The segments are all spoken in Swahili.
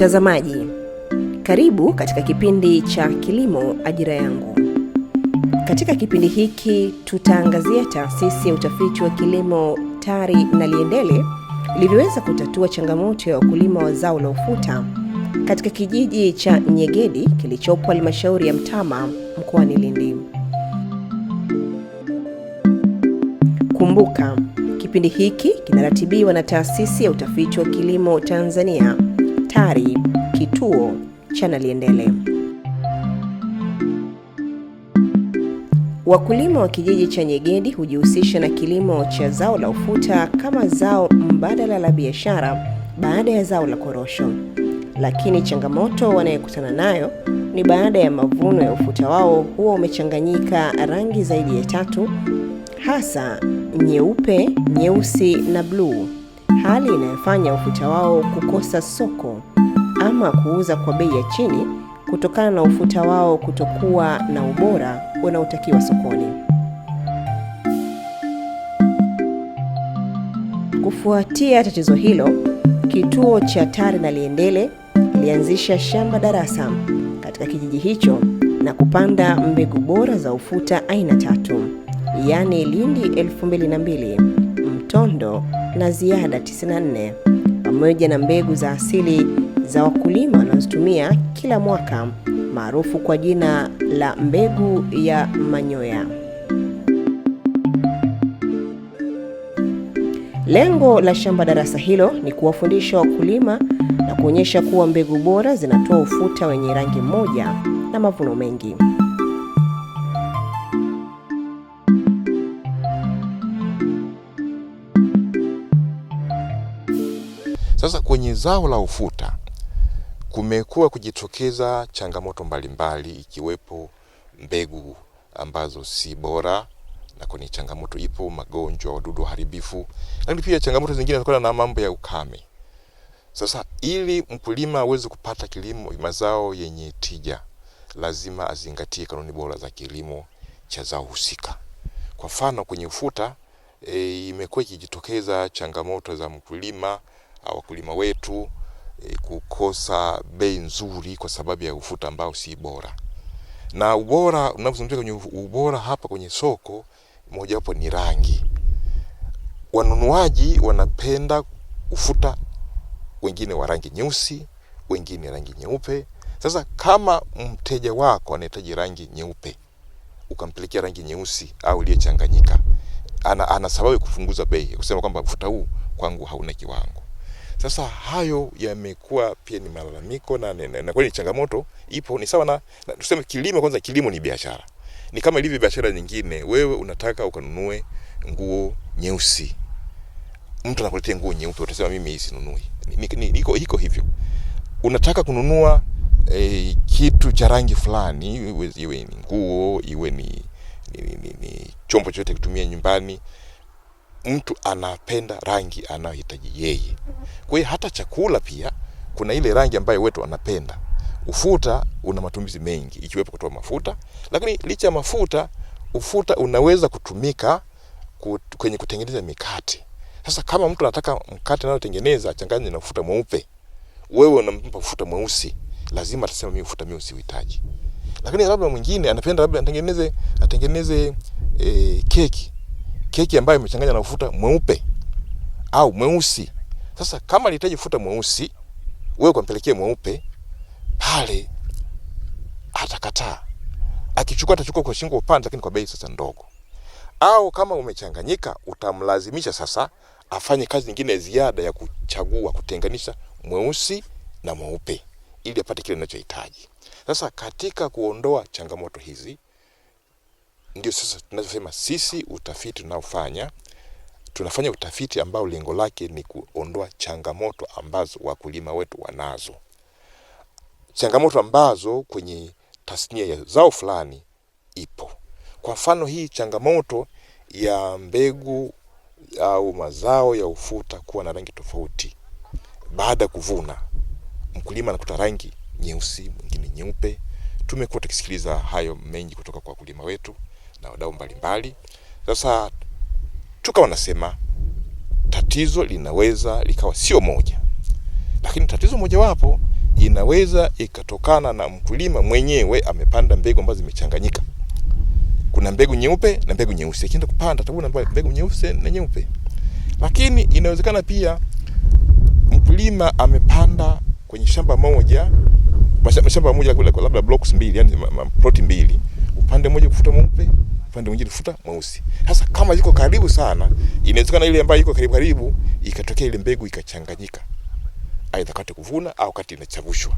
Mtazamaji, karibu katika kipindi cha Kilimo Ajira Yangu. Katika kipindi hiki tutaangazia taasisi ya utafiti wa kilimo TARI Naliendele ilivyoweza kutatua changamoto ya wakulima wa zao la ufuta katika kijiji cha Nyegedi kilichopo halmashauri ya Mtama mkoani Lindi. Kumbuka, kipindi hiki kinaratibiwa na Taasisi ya Utafiti wa Kilimo Tanzania Daktari kituo cha Naliendele. Wakulima wa kijiji cha Nyegedi hujihusisha na kilimo cha zao la ufuta kama zao mbadala la biashara baada ya zao la korosho, lakini changamoto wanayokutana nayo ni baada ya mavuno ya ufuta wao huwa umechanganyika rangi zaidi ya tatu, hasa nyeupe, nyeusi na bluu hali inayofanya ufuta wao kukosa soko ama kuuza kwa bei ya chini kutokana na ufuta wao kutokuwa na ubora unaotakiwa sokoni. Kufuatia tatizo hilo, kituo cha TARI Naliendele ilianzisha shamba darasa katika kijiji hicho na kupanda mbegu bora za ufuta aina tatu, yaani Lindi 2002, Mtondo na ziada 94 pamoja na mbegu za asili za wakulima wanazotumia kila mwaka maarufu kwa jina la mbegu ya manyoya. Lengo la shamba darasa hilo ni kuwafundisha wakulima na kuonyesha kuwa mbegu bora zinatoa ufuta wenye rangi moja na mavuno mengi. kwenye zao la ufuta kumekuwa kujitokeza changamoto mbalimbali ikiwepo mbegu ambazo si bora na kwenye changamoto ipo, magonjwa, wadudu haribifu, lakini pia changamoto zingine zinatokana na mambo ya ukame. Sasa ili mkulima aweze kupata kilimo mazao yenye tija, lazima azingatie kanuni bora za kilimo cha zao husika. Kwa mfano kwenye ufuta e, imekuwa ikijitokeza changamoto za mkulima wakulima wetu e, kukosa bei nzuri kwa sababu ya ufuta ambao si bora. Na ubora unavyozungumzia kwenye ubora hapa kwenye soko, mojawapo ni rangi. Wanunuaji wanapenda ufuta, wengine wa rangi nyeusi, wengine rangi nyeupe. Sasa kama mteja wako anahitaji rangi nyeupe ukampelekea rangi nyeusi au iliyochanganyika, ana, ana sababu ya kupunguza bei kusema kwamba ufuta huu kwangu hauna kiwango. Sasa hayo yamekuwa pia ni malalamiko na, na, na, na kweli changamoto ipo. Ni sawa na, na tuseme kilimo kwanza, kilimo ni biashara, ni kama ilivyo biashara nyingine. Wewe unataka ukanunue nguo nyeusi, mtu anakuletea nguo nyeupe, utasema mimi hii sinunui. Iko iko hivyo, unataka kununua e, kitu cha rangi fulani, iwe ni nguo, iwe ni, ni, ni, ni, ni chombo chochote kutumia nyumbani mtu anapenda rangi anayohitaji yeye. Kwa hiyo hata chakula pia kuna ile rangi ambayo wetu anapenda. Ufuta una matumizi mengi ikiwepo kutoa mafuta, lakini licha ya mafuta, ufuta unaweza kutumika kwenye kutengeneza mikate. Sasa kama mtu anataka mkate anayotengeneza achanganye na ufuta mweupe, wewe unampa ufuta mweusi, lazima atasema mimi ufuta mweusi uhitaji. Lakini labda mwingine anapenda labda atengeneze atengeneze e, keki keki ambayo imechanganywa na ufuta mweupe au mweusi. Sasa kama alihitaji ufuta mweusi, wewe ukampelekea mweupe pale, atakataa. Akichukua atachukua kwa shingo upande, lakini kwa bei sasa ndogo. Au kama umechanganyika, utamlazimisha sasa afanye kazi nyingine ziada ya kuchagua kutenganisha mweusi na mweupe ili apate kile anachohitaji. Sasa katika kuondoa changamoto hizi ndio sasa tunachosema sisi, utafiti tunaofanya tunafanya utafiti ambao lengo lake ni kuondoa changamoto ambazo wakulima wetu wanazo, changamoto ambazo kwenye tasnia ya zao fulani ipo. Kwa mfano, hii changamoto ya mbegu au mazao ya ufuta kuwa na rangi tofauti baada ya kuvuna, mkulima anakuta rangi nyeusi, mwingine nyeupe. Tumekuwa tukisikiliza hayo mengi kutoka kwa wakulima wetu na wadau mbalimbali. Sasa tukawa nasema tatizo linaweza likawa sio moja, lakini tatizo mojawapo inaweza ikatokana na mkulima mwenyewe amepanda mbegu ambazo zimechanganyika. Kuna mbegu nyeupe na mbegu nyeusi, akienda kupanda atakuwa na mbegu nyeusi na nyeupe. Lakini inawezekana pia mkulima amepanda kwenye shamba moja, shamba moja labda blocks mbili, yani ploti mbili pande moja kufuta mweupe, pande mwingine kufuta mweusi. Sasa kama ziko karibu sana, inawezekana ile ambayo iko karibu karibu ikatokea ile mbegu ikachanganyika, aidha kati kuvuna au kati inachavushwa.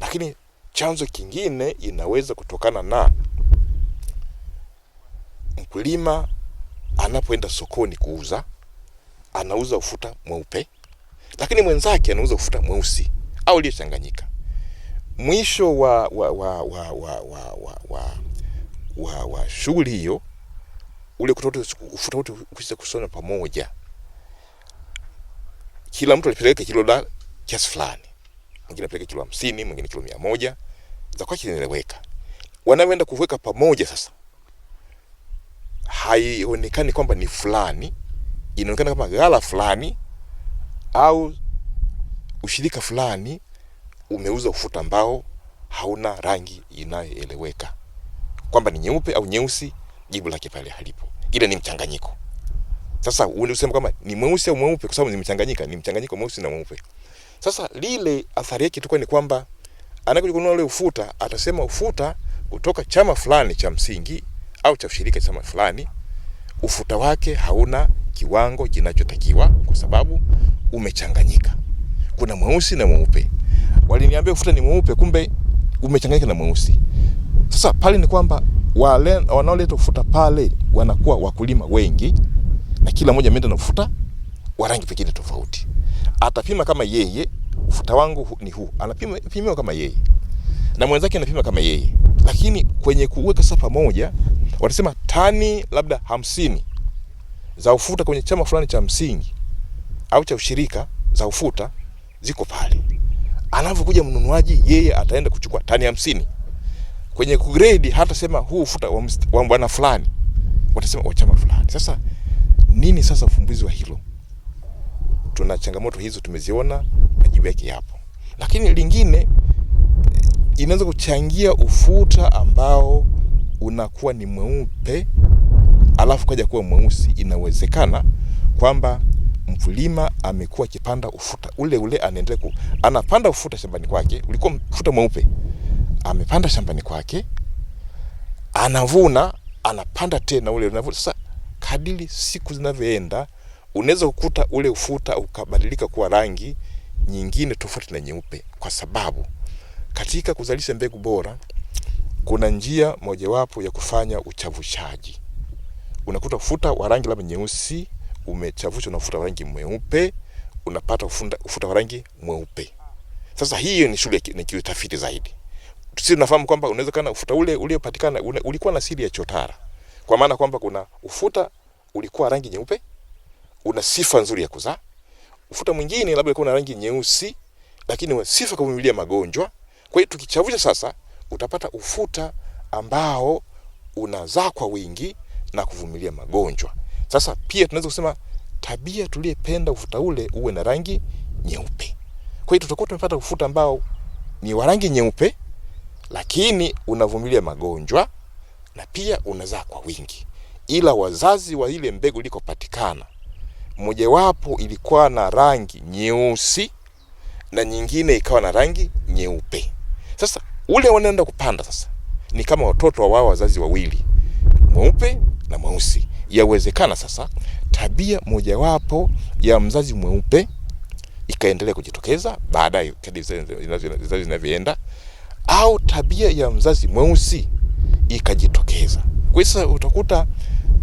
Lakini chanzo kingine inaweza kutokana na mkulima anapoenda sokoni kuuza, anauza ufuta mweupe, lakini mwenzake anauza ufuta mweusi au uliochanganyika. Mwisho wa, wa, wa, wa, wa, wa, wa, wa wa, wa shughuli hiyo, ule utofauti ukisha kusoma pamoja, kila mtu alipeleka kilo la kiasi fulani, mwingine apeleka kilo hamsini, mwingine kilo mia moja za kwa kinaeleweka. Wanaoenda kuweka pamoja sasa, haionekani kwamba ni fulani, inaonekana kama ghala fulani au ushirika fulani umeuza ufuta ambao hauna rangi inayoeleweka kwamba ni nyeupe au nyeusi, jibu lake pale halipo. Ile ni mchanganyiko. Sasa uende useme kwamba ni mweusi au mweupe, kwa sababu zimechanganyika, ni mchanganyiko mweusi na mweupe. Sasa lile athari yake tukwa ni kwamba anakuja kununua ule ufuta, atasema ufuta kutoka chama fulani cha msingi au cha ushirika chama fulani, ufuta wake hauna kiwango kinachotakiwa kwa sababu umechanganyika. Kuna mweusi na mweupe. Waliniambia ufuta ni mweupe, kumbe umechanganyika na mweusi. Sasa pale ni kwamba wanaoleta ufuta pale wanakuwa wakulima wengi, na kila mmoja ameenda na ufuta wa rangi pekee tofauti. Atapima kama yeye ufuta wangu ni huu, anapima pimiwa kama yeye na mwenzake anapima kama yeye, lakini kwenye kuweka sasa pamoja watasema tani labda hamsini za ufuta kwenye chama fulani cha msingi au cha ushirika za ufuta ziko pale. Anavyokuja mnunuaji, yeye ataenda kuchukua tani hamsini. Kwenye kugrade hatasema huu ufuta wa bwana fulani, watasema wa oh, chama fulani. Sasa nini sasa ufumbuzi wa hilo? Tuna changamoto hizo, tumeziona, majibu yake yapo. Lakini lingine inaweza kuchangia ufuta ambao unakuwa ni mweupe alafu kaja kuwa mweusi. Inawezekana kwamba mkulima amekuwa akipanda ufuta ule ule, anaendelea anapanda ufuta shambani kwake, ulikuwa ufuta mweupe amepanda shambani kwake, anavuna, anapanda tena ule unavuna. Sasa kadiri siku zinavyoenda, unaweza kukuta ule ufuta ukabadilika kuwa rangi nyingine tofauti na nyeupe, kwa sababu katika kuzalisha mbegu bora kuna njia mojawapo ya kufanya uchavushaji. Unakuta ufuta wa rangi labda nyeusi umechavushwa na ufuta wa rangi mweupe, unapata ufuta wa rangi mweupe. Sasa hiyo ni shule ya kiutafiti zaidi sisi tunafahamu kwamba unawezekana ufuta ule uliopatikana ulikuwa na siri ya chotara, kwa maana kwamba kuna ufuta ulikuwa rangi nyeupe, una sifa nzuri ya kuzaa. Ufuta mwingine labda ulikuwa na rangi nyeusi, lakini una sifa kuvumilia magonjwa. Kwa hiyo tukichavusha sasa, utapata ufuta ambao unazaa kwa wingi na kuvumilia magonjwa. Sasa pia tunaweza kusema tabia tuliyependa ufuta ule uwe na rangi nyeupe. Kwa hiyo tutakuwa tumepata ufuta ambao ni wa rangi nyeupe lakini unavumilia magonjwa na pia unazaa kwa wingi, ila wazazi wa ile mbegu ilikopatikana mojawapo ilikuwa na rangi nyeusi na nyingine ikawa na rangi nyeupe. Sasa ule wanaenda kupanda sasa ni kama watoto wa wao wazazi wawili, mweupe na mweusi. Yawezekana sasa tabia mojawapo ya mzazi mweupe ikaendelea kujitokeza baadaye kadri zazi zinavyoenda au tabia ya mzazi mweusi ikajitokeza. Kwa hiyo utakuta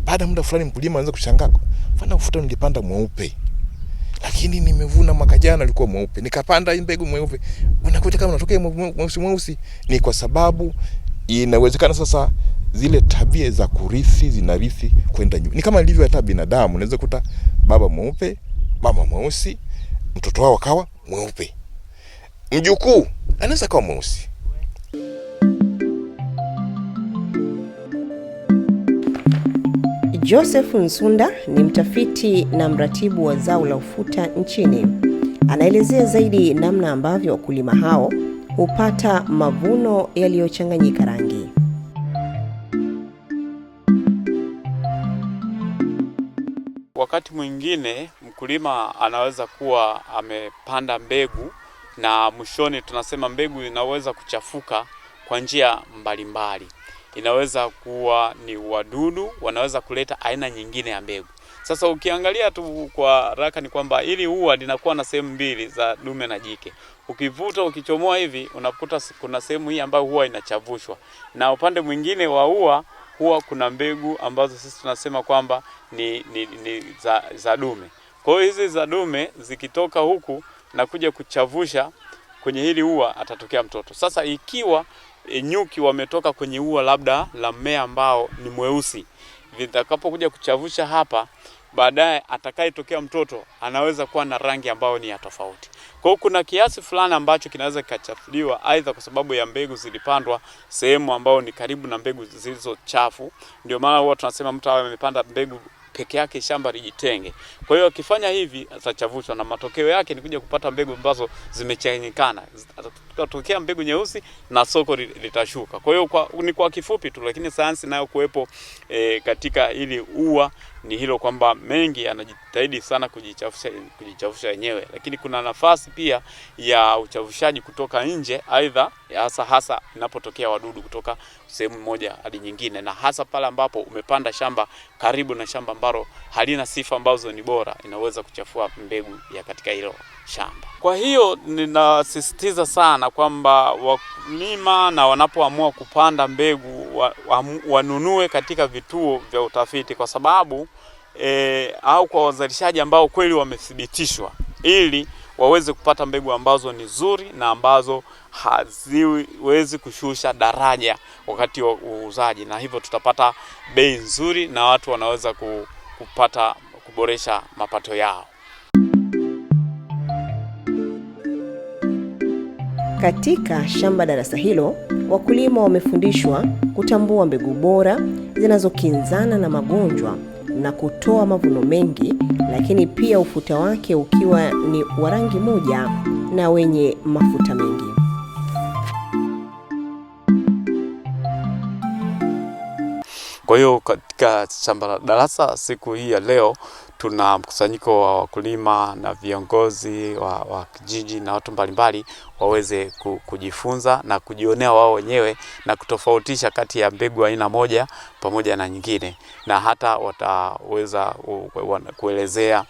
baada ya muda fulani mkulima anaanza kushangaa, fana ufuta nilipanda mweupe lakini nimevuna mwaka jana alikuwa mweupe, nikapanda mbegu mweupe, unakuta kama unatokea mweusi mweusi. Ni kwa sababu inawezekana sasa zile tabia za kurithi zinarithi kwenda nyuma. Ni kama ilivyo hata binadamu, unaweza kuta baba mweupe, mama mweusi, mtoto wao akawa mweupe, mjukuu anaweza akawa mweusi. Joseph Nsunda ni mtafiti na mratibu wa zao la ufuta nchini. Anaelezea zaidi namna ambavyo wakulima hao hupata mavuno yaliyochanganyika rangi. Wakati mwingine mkulima anaweza kuwa amepanda mbegu na mwishoni tunasema mbegu inaweza kuchafuka kwa njia mbalimbali inaweza kuwa ni wadudu, wanaweza kuleta aina nyingine ya mbegu. Sasa ukiangalia tu kwa raka ni kwamba ili ua linakuwa na sehemu mbili za dume na jike. Ukivuta ukichomoa hivi unakuta kuna sehemu hii ambayo huwa inachavushwa, na upande mwingine wa ua huwa kuna mbegu ambazo sisi tunasema kwamba ni, ni, ni za, za dume. Kwa hiyo hizi za dume zikitoka huku na kuja kuchavusha kwenye hili ua atatokea mtoto. Sasa ikiwa e, nyuki wametoka kwenye ua labda la mmea ambao ni mweusi, vitakapokuja kuchavusha hapa baadaye atakayetokea mtoto anaweza kuwa na rangi ambayo ni ya tofauti. Kwa hiyo kuna kiasi fulani ambacho kinaweza kikachafuliwa, aidha kwa sababu ya mbegu zilipandwa sehemu ambayo ni karibu na mbegu zilizo chafu. Ndio maana huwa tunasema mtu awe amepanda mbegu peke yake, shamba lijitenge. Kwa hiyo akifanya hivi atachavushwa, na matokeo yake ni kuja kupata mbegu ambazo zimechanganyikana, kutokea mbegu nyeusi na soko litashuka. Kwa hiyo kwa, ni kwa kifupi tu, lakini sayansi nayo kuwepo e, katika ili ua ni hilo kwamba mengi anajitahidi sana kujichafusha kujichafusha yenyewe, lakini kuna nafasi pia ya uchafushaji kutoka nje, aidha hasa hasa inapotokea wadudu kutoka sehemu moja hadi nyingine, na hasa pale ambapo umepanda shamba karibu na shamba ambalo halina sifa ambazo ni bora, inaweza kuchafua mbegu ya katika hilo shamba. Kwa hiyo ninasisitiza sana na kwamba wakulima na wanapoamua kupanda mbegu wa, wa, wanunue katika vituo vya utafiti kwa sababu e, au kwa wazalishaji ambao kweli wamethibitishwa ili waweze kupata mbegu ambazo ni nzuri na ambazo haziwezi kushusha daraja wakati wa uuzaji, na hivyo tutapata bei nzuri na watu wanaweza kupata kuboresha mapato yao. Katika shamba darasa hilo, wakulima wamefundishwa kutambua mbegu bora zinazokinzana na magonjwa na kutoa mavuno mengi, lakini pia ufuta wake ukiwa ni wa rangi moja na wenye mafuta mengi. Kwa hiyo katika shamba la darasa siku hii ya leo tuna mkusanyiko wa wakulima na viongozi wa, wa kijiji na watu mbalimbali waweze kujifunza na kujionea wao wenyewe na kutofautisha kati ya mbegu aina moja pamoja na nyingine, na hata wataweza kuelezea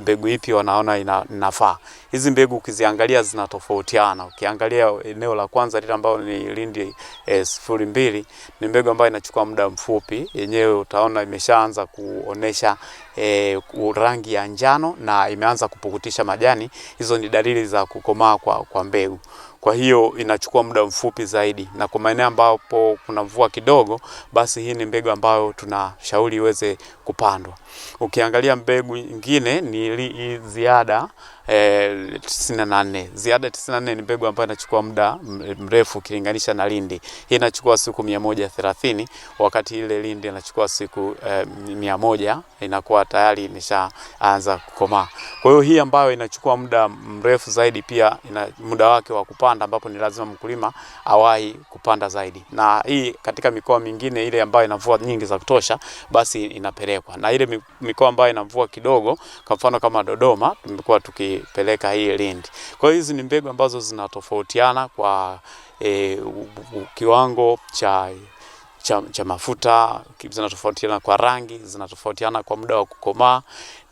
mbegu ipi wanaona ina, inafaa. Hizi mbegu ukiziangalia zinatofautiana. Ukiangalia eneo la kwanza lile ambalo ni Lindi eh, sifuri mbili ni mbegu ambayo inachukua muda mfupi, yenyewe utaona imeshaanza kuonesha eh, rangi ya njano na imeanza kupukutisha majani. Hizo ni dalili za kukomaa kwa, kwa mbegu. Kwa hiyo inachukua muda mfupi zaidi, na kwa maeneo ambapo kuna mvua kidogo, basi hii ni mbegu ambayo tunashauri iweze kupandwa. Ukiangalia mbegu nyingine ni ziada eh, 98. Ziada 98 ni mbegu ambayo inachukua muda mrefu ukilinganisha na Lindi. Hii inachukua siku 130 wakati ile Lindi inachukua siku eh, 100 inakuwa tayari imeshaanza kukomaa. Kwa hiyo hii ambayo inachukua muda mrefu zaidi pia ina muda wake wa kupanda ambapo ni lazima mkulima awahi kupanda zaidi. Na hii katika mikoa mingine ile ambayo inavua nyingi za kutosha basi inapelekwa. Na ile mikoa ambayo ina mvua kidogo, kwa mfano kama Dodoma, tumekuwa tukipeleka hii Lindi. Kwa hiyo hizi ni mbegu ambazo zinatofautiana kwa e, kiwango cha cha, cha mafuta zinatofautiana kwa rangi, zinatofautiana kwa muda wa kukomaa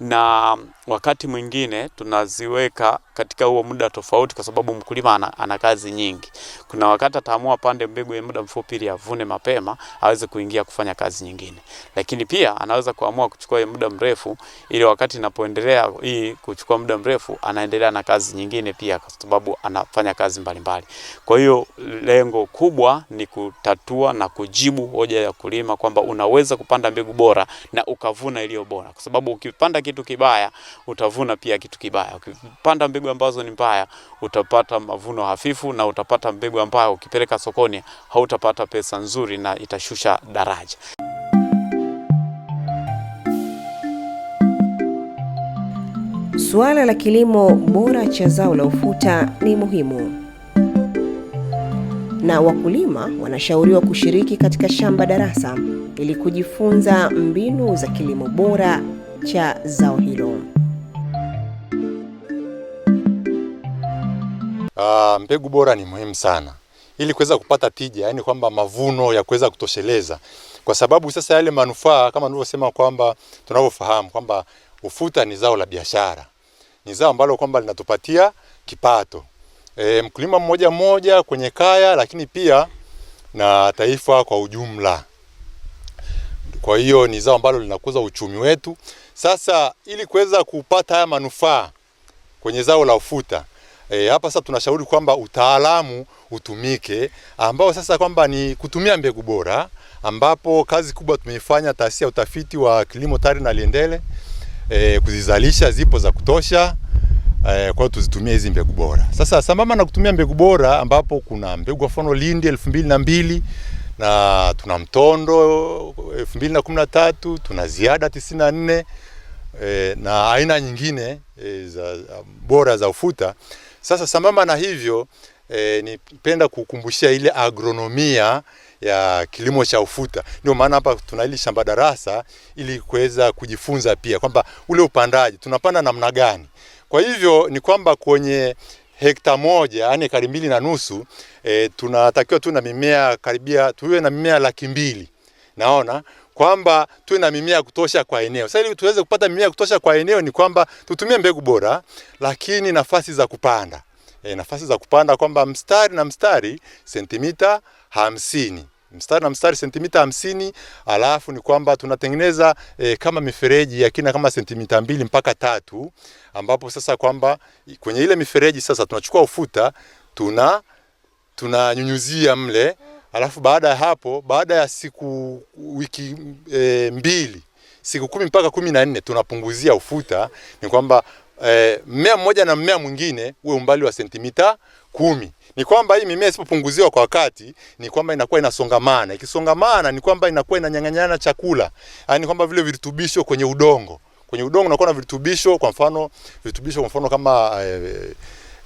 na wakati mwingine tunaziweka katika huo muda tofauti, kwa sababu mkulima ana, ana kazi nyingi. Kuna wakati ataamua pande mbegu ya muda mfupi ili avune mapema aweze kuingia kufanya kazi nyingine, lakini pia anaweza kuamua kuchukua ya muda mrefu, ili wakati inapoendelea hii kuchukua muda mrefu anaendelea na kazi nyingine pia, kwa sababu anafanya kazi mbalimbali. Kwa hiyo lengo kubwa ni kutatua na kujibu hoja ya kulima kwamba unaweza kupanda mbegu bora na ukavuna iliyo bora, kwa sababu ukipanda kitu kibaya utavuna pia kitu kibaya. Ukipanda mbegu ambazo ni mbaya utapata mavuno hafifu, na utapata mbegu ambayo ukipeleka sokoni hautapata pesa nzuri na itashusha daraja. Suala la kilimo bora cha zao la ufuta ni muhimu, na wakulima wanashauriwa kushiriki katika shamba darasa ili kujifunza mbinu za kilimo bora cha zao hilo. Uh, mbegu bora ni muhimu sana ili kuweza kupata tija, yani kwamba mavuno ya kuweza kutosheleza, kwa sababu sasa yale manufaa kama nilivyosema kwamba tunavyofahamu kwamba ufuta ni zao la biashara, ni zao ambalo kwamba linatupatia kipato e, mkulima mmoja mmoja kwenye kaya, lakini pia na taifa kwa ujumla. Kwa hiyo ni zao ambalo linakuza uchumi wetu, sasa ili kuweza kupata haya manufaa kwenye zao la ufuta e, hapa sasa tunashauri kwamba utaalamu utumike ambao sasa kwamba ni kutumia mbegu bora, ambapo kazi kubwa tumeifanya taasisi ya utafiti wa kilimo TARI Naliendele e, kuzizalisha zipo za kutosha e, kwa tuzitumie hizi mbegu bora. Sasa sambamba na kutumia mbegu bora ambapo kuna mbegu kwa mfano Lindi elfu mbili na mbili na tuna mtondo elfu mbili na kumi na tatu tuna ziada tisini na nne e, na aina nyingine e, za, bora za ufuta. Sasa sambamba na hivyo e, nipenda kukumbushia ile agronomia ya kilimo cha ufuta. Ndio maana hapa tuna ile shamba darasa ili kuweza kujifunza pia kwamba ule upandaji tunapanda namna gani. Kwa hivyo ni kwamba kwenye hekta moja yani ekari mbili na nusu e, tunatakiwa tu na mimea karibia tuwe na mimea laki mbili naona kwamba tuwe na mimea ya kutosha kwa eneo. Sasa ili tuweze kupata mimea ya kutosha kwa eneo ni kwamba tutumie mbegu bora, lakini nafasi za kupanda e, nafasi za kupanda kwamba mstari na mstari sentimita hamsini mstari na mstari sentimita hamsini alafu ni kwamba tunatengeneza e, kama mifereji ya kina kama sentimita mbili mpaka tatu ambapo sasa kwamba kwenye ile mifereji sasa tunachukua ufuta tuna tunanyunyuzia mle, alafu baada ya hapo, baada ya siku wiki e, mbili siku kumi mpaka kumi na nne tunapunguzia ufuta. Ni kwamba Eh, mmea mmoja na mmea mwingine uwe umbali wa sentimita kumi. Ni kwamba hii mimea isipopunguziwa kwa wakati, ni kwamba inakuwa inasongamana. Ikisongamana ni kwamba inakuwa inanyang'anyana chakula, yaani kwamba vile virutubisho kwenye udongo, kwenye udongo unakuwa na virutubisho, kwa mfano virutubisho kwa mfano kama e,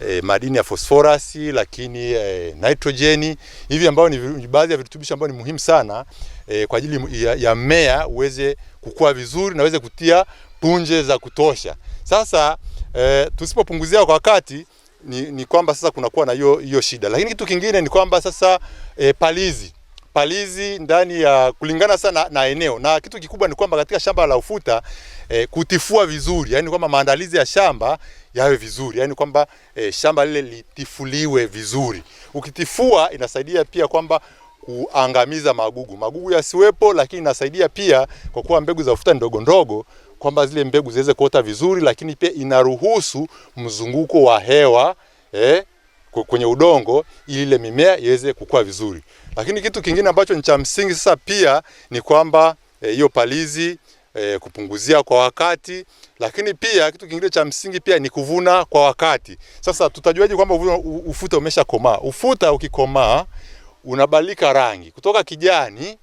E, madini ya fosforasi lakini e, nitrojeni hivi ambayo ni baadhi ya virutubisho ambayo ni muhimu sana e, kwa ajili ya, ya mmea uweze kukua vizuri na uweze kutia punje za kutosha. Sasa e, tusipopunguzia kwa wakati ni, ni kwamba sasa kunakuwa na hiyo hiyo shida, lakini kitu kingine ni kwamba sasa e, palizi palizi ndani ya kulingana sana na eneo, na kitu kikubwa ni kwamba katika shamba la ufuta eh, kutifua vizuri, yani kwamba maandalizi ya shamba yawe vizuri, yani kwamba eh, shamba lile litifuliwe vizuri. Ukitifua inasaidia pia kwamba kuangamiza magugu, magugu yasiwepo, lakini inasaidia pia kwa kuwa mbegu za ufuta ndogo ndogo kwamba zile mbegu ziweze kuota vizuri, lakini pia inaruhusu mzunguko wa hewa eh, kwenye udongo ili ile mimea iweze kukua vizuri. Lakini kitu kingine ambacho ni cha msingi sasa pia ni kwamba eh, hiyo eh, palizi eh, kupunguzia kwa wakati, lakini pia kitu kingine cha msingi pia ni kuvuna kwa wakati. Sasa tutajuaje kwamba ufuta komaa? Ufuta ukikomaa unabadilika rangi kutoka kijani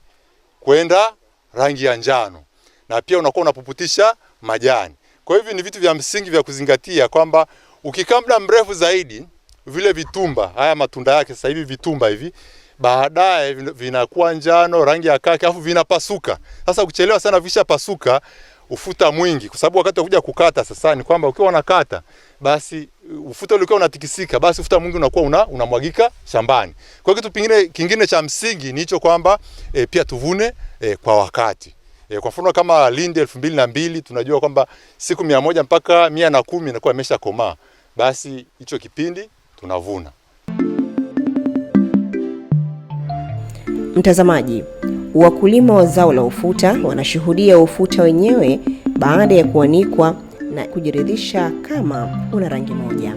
kwenda rangi ya njano na pia unakuwa unapuputisha majani. Kwa hivyo ni vitu vya msingi vya kuzingatia kwamba ukikaa muda mrefu zaidi vile vitumba haya matunda yake sasa hivi vitumba hivi baadaye vinakuwa njano, rangi ya kaki, afu vinapasuka. Sasa ukichelewa sana visha pasuka ufuta mwingi, kwa sababu wakati wakuja kukata sasa ni kwamba ukiwa unakata basi ufuta ulikuwa unatikisika, basi ufuta mwingi unakuwa una, unamwagika shambani. Kwa kitu pingine, kingine cha msingi ni hicho kwamba e, pia tuvune e, kwa wakati. E, kwa mfano kama Lindi elfu mbili na mbili tunajua kwamba siku mia moja mpaka mia na kumi inakuwa imesha komaa, basi hicho kipindi tunavuna. Mtazamaji, wakulima wa zao la ufuta wanashuhudia ufuta wenyewe baada ya kuanikwa na kujiridhisha kama una rangi moja.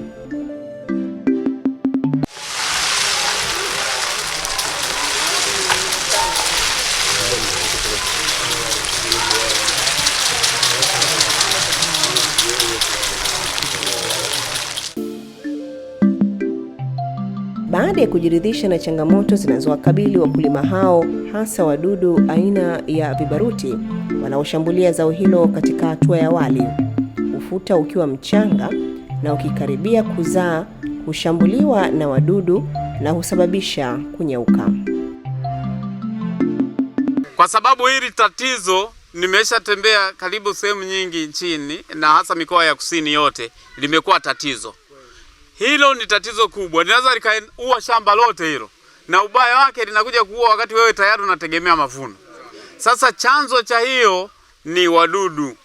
baada ya kujiridhisha na changamoto zinazowakabili wakulima hao, hasa wadudu aina ya vibaruti wanaoshambulia zao hilo katika hatua ya awali. Ufuta ukiwa mchanga na ukikaribia kuzaa hushambuliwa na wadudu na husababisha kunyauka. Kwa sababu hili tatizo nimeshatembea karibu sehemu nyingi nchini na hasa mikoa ya kusini yote limekuwa tatizo. Hilo ni tatizo kubwa, linaweza likaua shamba lote hilo, na ubaya wake linakuja kuua wakati wewe tayari unategemea mavuno. Sasa chanzo cha hiyo ni wadudu.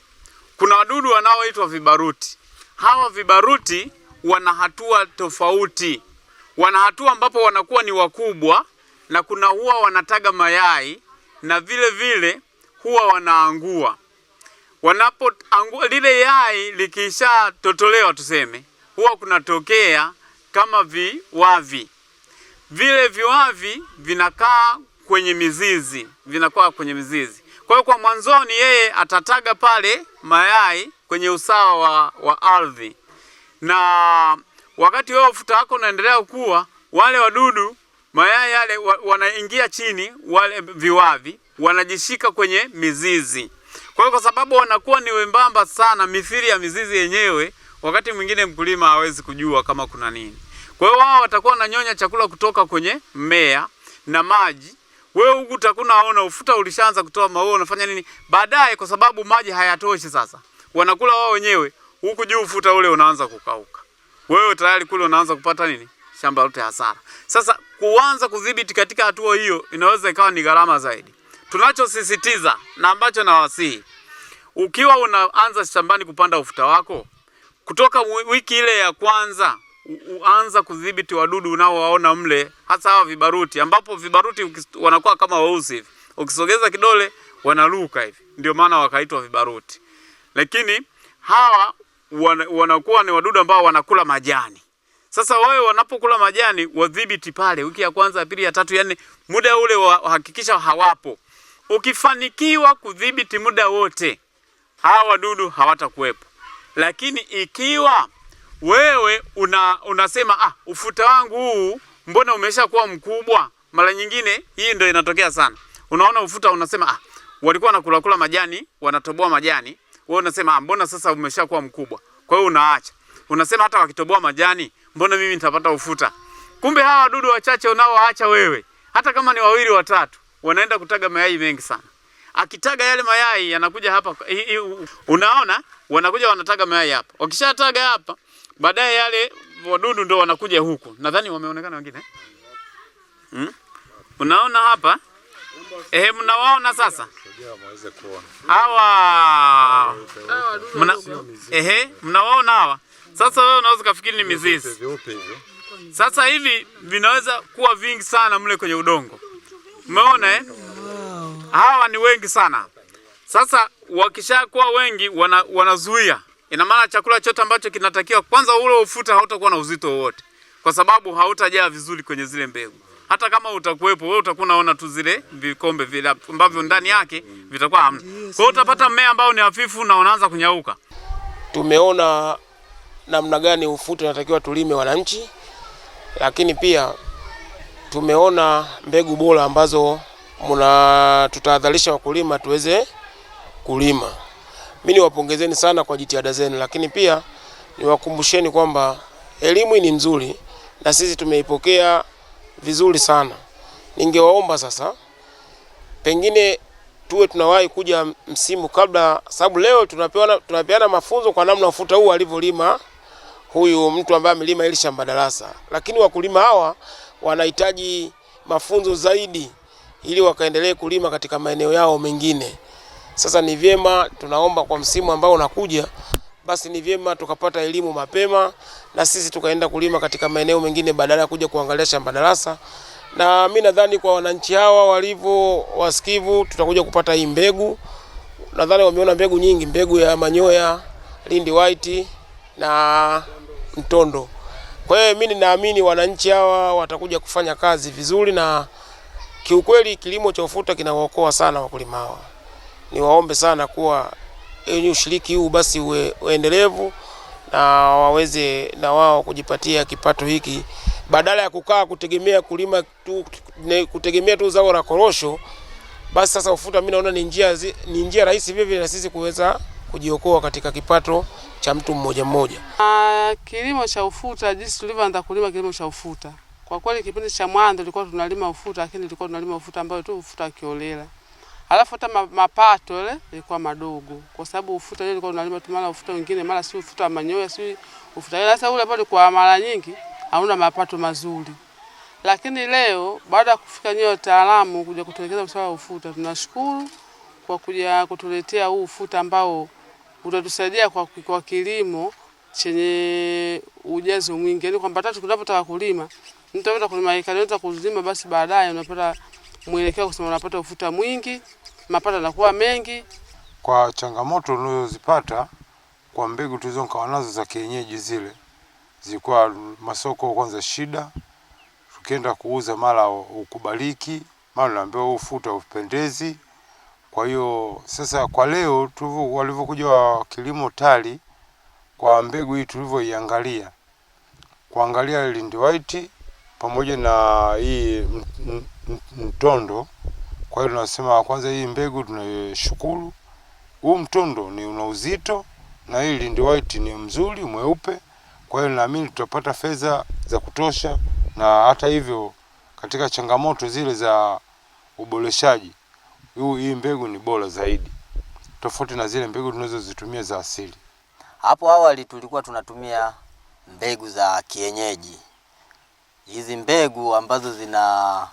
Kuna wadudu wanaoitwa vibaruti. Hawa vibaruti wana hatua tofauti, wana hatua ambapo wanakuwa ni wakubwa, na kuna huwa wanataga mayai na vile vile huwa wanaangua. Wanapoangua lile yai likisha totolewa tuseme huwa kunatokea kama viwavi. Vile viwavi vinakaa kwenye mizizi, vinakaa kwenye mizizi. Kwa hiyo kwa mwanzoni yeye atataga pale mayai kwenye usawa wa, wa ardhi, na wakati wewe ufuta wako unaendelea kukua, wale wadudu mayai yale wa, wanaingia chini, wale viwavi wanajishika kwenye mizizi. Kwa hiyo kwa sababu wanakuwa ni wembamba sana mithili ya mizizi yenyewe wakati mwingine mkulima hawezi kujua kama kuna nini. Kwa hiyo wao watakuwa wananyonya chakula kutoka kwenye mmea na maji. Wewe huku utakuna ona ufuta ulishaanza kutoa maua, unafanya nini baadaye? Kwa sababu maji hayatoshi, sasa wanakula wao wenyewe, huku juu ufuta ule unaanza kukauka, wewe tayari kule unaanza kupata nini, shamba lote hasara. Sasa kuanza kudhibiti katika hatua hiyo inaweza ikawa ni gharama zaidi. Tunachosisitiza na ambacho nawasihi, ukiwa unaanza shambani kupanda ufuta wako kutoka wiki ile ya kwanza uanza kudhibiti wadudu unaowaona mle, hasa hawa vibaruti, ambapo vibaruti wanakuwa kama weusi hivi, ukisogeza kidole wanaruka hivi, ndio maana wakaitwa vibaruti. Lakini hawa wanakuwa ni wadudu ambao wanakula majani. Sasa wawe wanapokula majani wadhibiti pale, wiki ya kwanza, ya pili, ya tatu, yani muda ule wahakikisha hawapo. Ukifanikiwa kudhibiti muda wote hawa wadudu hawatakuwepo. Lakini ikiwa wewe una, unasema ah, ufuta wangu huu mbona umesha kuwa mkubwa. Mara nyingine hii ndio inatokea sana, unaona ufuta unasema ah, walikuwa wanakula kula majani, wanatoboa majani, wewe unasema ah, mbona sasa kuwa mkubwa. Kwa hiyo unaacha, unasema hata wakitoboa majani, mbona mimi nitapata ufuta. Kumbe hawa wadudu wachache unaoacha wewe, hata kama ni wawili watatu, wanaenda kutaga mayai mengi sana akitaga yale mayai yanakuja hapa. Unaona, wanakuja wanataga mayai hapa, wakishataga hapa, baadaye yale wadudu ndio wanakuja huku. Nadhani wameonekana wengine eh? hmm? Unaona hapa eh, mnawaona sasa hawa mna, ehe, mnawaona hawa sasa. Wewe unaweza kufikiri ni mizizi. Sasa hivi vinaweza kuwa vingi sana mle kwenye udongo, umeona eh? hawa ni wengi sana. Sasa wakishakuwa wengi wana, wanazuia. Ina maana chakula chote ambacho kinatakiwa kwanza, ule ufuta hautakuwa na uzito wowote, kwa sababu hautajaa vizuri kwenye zile mbegu. Hata kama utakuwepo wewe, utakuwa unaona tu zile vikombe vile ambavyo ndani yake vitakuwa hamna. Kwa hiyo utapata mmea ambao ni hafifu na unaanza kunyauka. Tumeona namna gani ufuta unatakiwa tulime wananchi, lakini pia tumeona mbegu bora ambazo muna tutahadharisha wakulima tuweze kulima. Mimi niwapongezeni sana kwa jitihada zenu, lakini pia niwakumbusheni kwamba elimu ni nzuri na sisi tumeipokea vizuri sana. Ningewaomba sasa, pengine tuwe tunawahi kuja msimu kabla, sababu leo tunapeana tunapeana mafunzo kwa namna ufuta huu alivyolima huyu mtu ambaye amelima ili shamba darasa, lakini wakulima hawa wanahitaji mafunzo zaidi ili wakaendelee kulima katika maeneo yao mengine. Sasa ni vyema, tunaomba kwa msimu ambao unakuja, basi ni vyema tukapata elimu mapema na sisi tukaenda kulima katika maeneo mengine badala ya kuja kuangalia shamba darasa. Na mi nadhani kwa wananchi hawa walivyo wasikivu, tutakuja kupata hii mbegu. Nadhani wameona mbegu nyingi, mbegu ya manyoya, Lindi White na mtondo. Kwa hiyo mimi ninaamini wananchi hawa watakuja kufanya kazi vizuri na Kiukweli kilimo cha ufuta kinawaokoa sana wakulima hawa. Niwaombe sana kuwa yenye ushiriki huu basi uwe, uendelevu na waweze na wao kujipatia kipato hiki badala ya kukaa kutegemea kulima tu, kutegemea tu zao la korosho. Basi sasa ufuta mimi naona ni njia ni njia rahisi vile vile na sisi kuweza kujiokoa katika kipato cha mtu mmoja mmoja. Uh, kilimo cha ufuta jinsi tulivyoanza kulima kilimo cha ufuta kwa kweli kipindi cha mwanzo tulikuwa tunalima ufuta, lakini tulikuwa tunalima ufuta ambao tu ufuta kiolela. Alafu hata mapato ile ilikuwa madogo. Kwa sababu ufuta ile ilikuwa tunalima tu mara ufuta mwingine, mara si ufuta manyoya, si ufuta ile. Sasa ule bado kwa mara nyingi hauna mapato mazuri. Lakini leo baada ya kufika nyote wataalamu kuja kutuelekeza masuala ya ufuta, tunashukuru kwa kuja kutuletea huu ufuta ambao utatusaidia kwa, kwa kilimo chenye ujazo mwingi, yani kwamba tatu tunapotaka kulima mtaweza kulima ekari anataka kuzima basi baadaye unapata mwelekeo kusema unapata ufuta mwingi, mapato yanakuwa mengi. Kwa changamoto unazozipata kwa mbegu tulizo nikawa nazo za kienyeji zile zilikuwa masoko kwanza shida, tukienda kuuza mara ukubaliki, mara naambiwa ufuta upendezi. Kwa hiyo sasa, kwa leo walivyokuja kilimo TARI kwa mbegu hii tulivyoiangalia, kuangalia Lindi White pamoja na hii mtondo. Kwa hiyo tunasema kwanza, hii mbegu tunashukuru Huu mtondo ni una uzito na hii Lindi White ni mzuri mweupe, kwa hiyo naamini tutapata fedha za kutosha, na hata hivyo katika changamoto zile za uboreshaji huu, hii mbegu ni bora zaidi tofauti na zile mbegu tunazozitumia za asili. Hapo awali tulikuwa tunatumia mbegu za kienyeji, hizi mbegu ambazo zina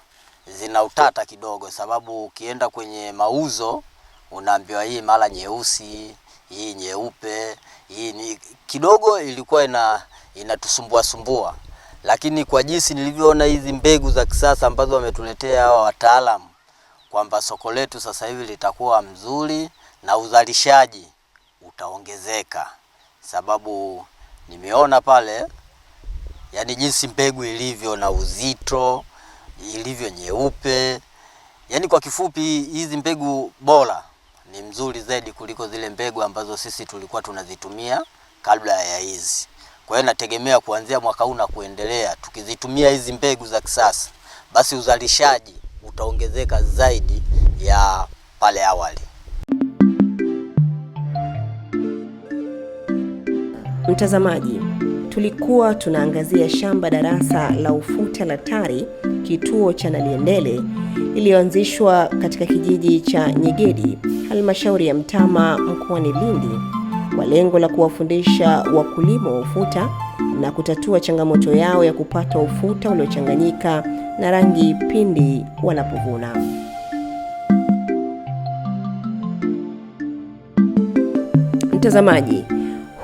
zina utata kidogo, sababu ukienda kwenye mauzo unaambiwa hii mara nyeusi, hii nyeupe, hii ni kidogo, ilikuwa ina inatusumbua sumbua, lakini kwa jinsi nilivyoona hizi mbegu za kisasa ambazo wametuletea hawa wataalamu kwamba soko letu sasa hivi litakuwa mzuri na uzalishaji utaongezeka sababu nimeona pale, yani jinsi mbegu ilivyo na uzito ilivyo nyeupe, yani kwa kifupi, hizi mbegu bora ni mzuri zaidi kuliko zile mbegu ambazo sisi tulikuwa tunazitumia kabla ya hizi. Kwa hiyo nategemea kuanzia mwaka huu na kuendelea, tukizitumia hizi mbegu za kisasa, basi uzalishaji utaongezeka zaidi ya pale awali. Mtazamaji, tulikuwa tunaangazia shamba darasa la ufuta la TARI kituo cha Naliendele iliyoanzishwa katika kijiji cha Nyegedi halmashauri ya Mtama mkoani Lindi kwa lengo la kuwafundisha wakulima wa ufuta na kutatua changamoto yao ya kupata ufuta uliochanganyika na rangi pindi wanapovuna. Mtazamaji,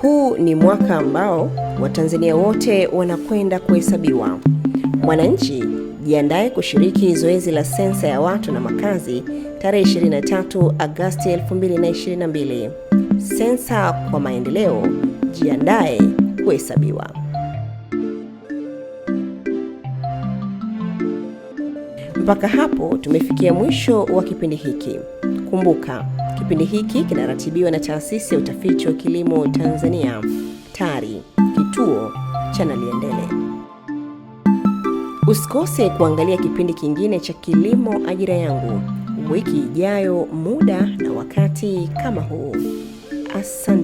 huu ni mwaka ambao Watanzania wote wanakwenda kuhesabiwa. Mwananchi, jiandaye kushiriki zoezi la sensa ya watu na makazi tarehe 23 Agosti 2022. Sensa kwa maendeleo, jiandaye kuhesabiwa. Mpaka hapo tumefikia mwisho wa kipindi hiki. Kumbuka, Kipindi hiki kinaratibiwa na Taasisi ya Utafiti wa Kilimo Tanzania TARI, kituo cha Naliendele. Usikose kuangalia kipindi kingine cha Kilimo Ajira Yangu wiki ijayo, muda na wakati kama huu. Asante.